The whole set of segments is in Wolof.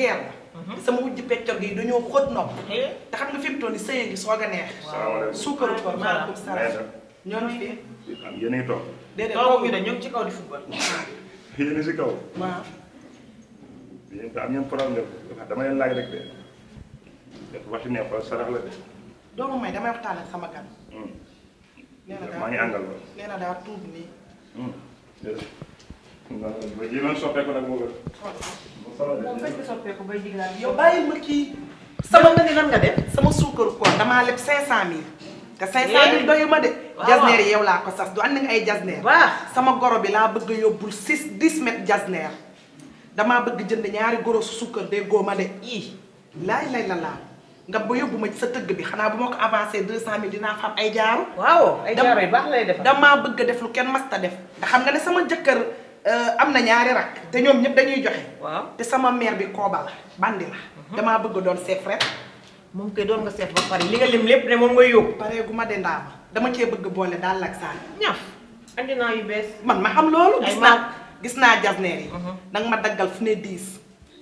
guerre la mhm. sama wujj peccor gi dañoo xóot nopp eh? te xam nga fi mu toll nii sëye ngi soog a neex suukaru koor fi yéen a ngi toog déedéet toog de ñoo ngi ci kaw di football si kaw waaw yéen am ngeen problème dama laaj rek de def waxi ne xool sarax la de doomu may damay waxtaan ak sama gan hmm. ngi àngal moom kañ soppeeku bay dig daal yow bàyyil ma kii. sama nga ni lan nga def sama suukaru koor damaa leb 500000. te 500000 doyu ma de. waaw jasneer yow laa ko sas du andi nga ay jasneer. waaw sama goro bi laa bëgg a yóbbul 6 10 mètres jasneer. damaa bëgg jënd ñaari goro su suukar de góoma de ii. laay lay la laa. nga ba yóbbu ma sa tëgg bi xanaa bu ma ko avancé 200000 dinaa fa am ay waaw ay jaaru yu baax lay defar damaa bëgg a def lu kenn mës def. nga xam nga ne sama jëkkër. Euh, am na ñaari rak te ñoom ñëpp dañuy joxe. te sama mère bi kooba la bandi la. Mhm. damaa bëgg doon seet rek. moom koy doon nga seet ba pare li nga lim lépp ne moom ngay yóbbu. pare gu ma de ndaama dama cee bëgg boole daal ak saa ñaaf. yu bees. man ma xam loolu. gis naa gis naa jasneer yi. Mhm. ma daggal fu ne diis.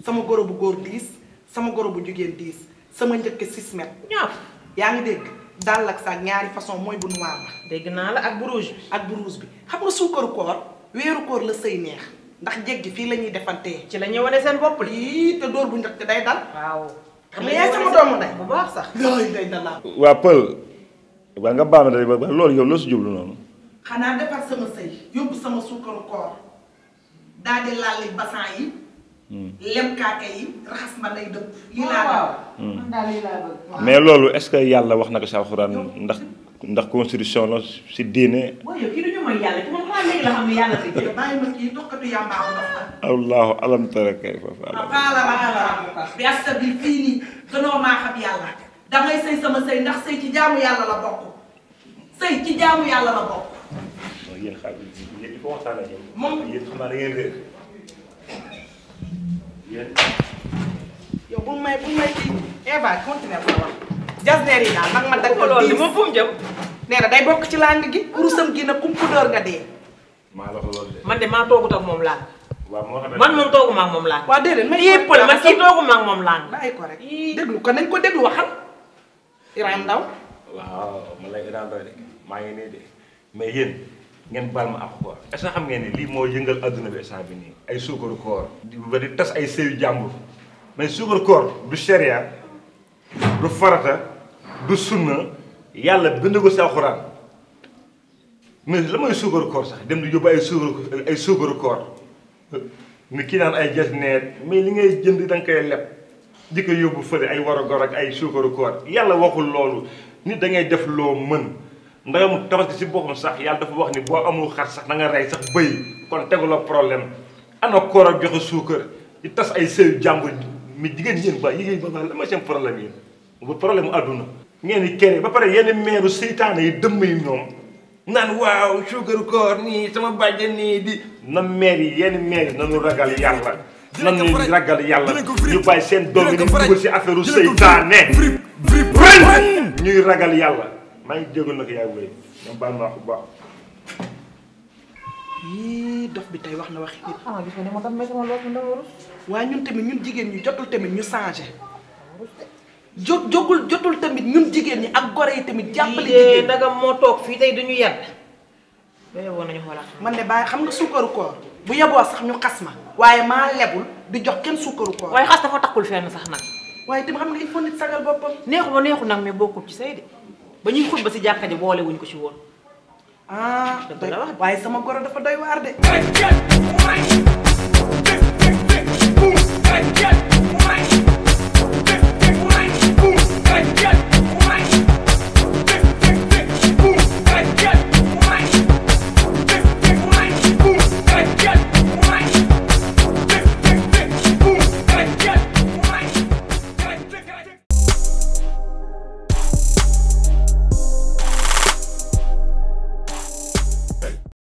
sama goro bu góor diis sama goro bu jigéen diis sama njëkk 6 mètres. ñaaf yaa ngi dégg. daal ak saa ñaari façon mooy bu noir la. dégg naa la ak bu rouge ak bu rouge bi xam nga suukaru koor. weeru koor la sëy neex ndax jéeg fii la ñuy defantee. ci la ñuy wane seen bopp lii te door bu njëkk day dal. waaw xam nga sama doomu day bu baax sax. yooyu day dal laa. waa Pël waa nga baal ma day ba loolu yow loo si jublu noonu. xanaa defar sama sëy yóbbu sama suukar koor daal di laal li basan yi. Hmm. lem kaaka yi raxas ma lay dëpp. Hmm. mais loolu est-ce que yàlla wax na ko sa alxuraan ndax ndax constitution la si diine. waaw yow ñu mooy yàlla damay sëy sama sëy ndax sëy ci jaamu yàlla la bokk sëy ci jaamu yàlla la bokk. yow bu may bu may kii Eva continuer ko wax jasneer yi daal man ma daggal loolu day bokk ci làng gi kurusam gi nag kum pudóor nga dee de man de maa toogut ak moom làng man moom tooguma moom làng waaw déedéet man yépp la man kii tooguma ak moom làng bàyyi ko rek déglu ko nañ ko déglu waxal Iran Ndaw waaw maa ngi ngeen baal ma ak koor est-ce xam ngeen ni lii moo yëngal adduna bi instant bi nii ay suukaru koor di ba di tas ay sëyu jàmbur mais suukaru koor du sharia du farata du sunna yàlla bind ko si alxuraan mais la mooy suukaru koor sax dem di yóbbu ay suukaru ay suukaru koor ni kii naan ay ges neer mais li ngay jënd danga koy leb di ko yóbbu fële ay war a gor ak ay suukaru koor yàlla waxul loolu nit da ngay def loo mën ndayam tabaski si boppam sax yàlla dafa wax ni boo amul xar sax nanga rey sax bëy kon tegu la problème ana koor a joxe suukar di tas ay sëyu jàmbur mi jigéen yéen ba yigéen ba la ma seen problème yéen bu problème ngeen di kere ba pare yenn meeru seytaane yi dëmm yi ñoom naan waaw suukar koor nii sama bàjjen nii di na meer yi yenn meer yi nanu ragal yàlla nanu ragal yàlla ñu bàyyi seen doom yi ñu dugal si affaire u seytaane ñuy ragal yàlla maa ngi nag yaay wéy ñoom ma wax bu baax. yii bi tey wax na waxi nit. ah waaye ñun tamit ñun jigéen ñi jotul tamit ñu changé. jot jogul jotul tamit ñun jigéen ñi ak gore yi tamit jàppale jigéen ndagam moo toog fii tey duñu yar yooyu woon nañu xoolaat man ne bàyyi xam nga suukaru koor bu yeboo sax ñu xas ma waaye maa lebul di jox kenn suukaru koor waaye xas dafa takkul fenn sax nag waaye tamit xam nga il faut nit sagal boppam neexu ba neexu nag mais bokkul ci say de ba ñuy xutba si jàkka ji boole wuñ ko ci woon. da dëgg la wax waaye sama goro dafa doy waar de.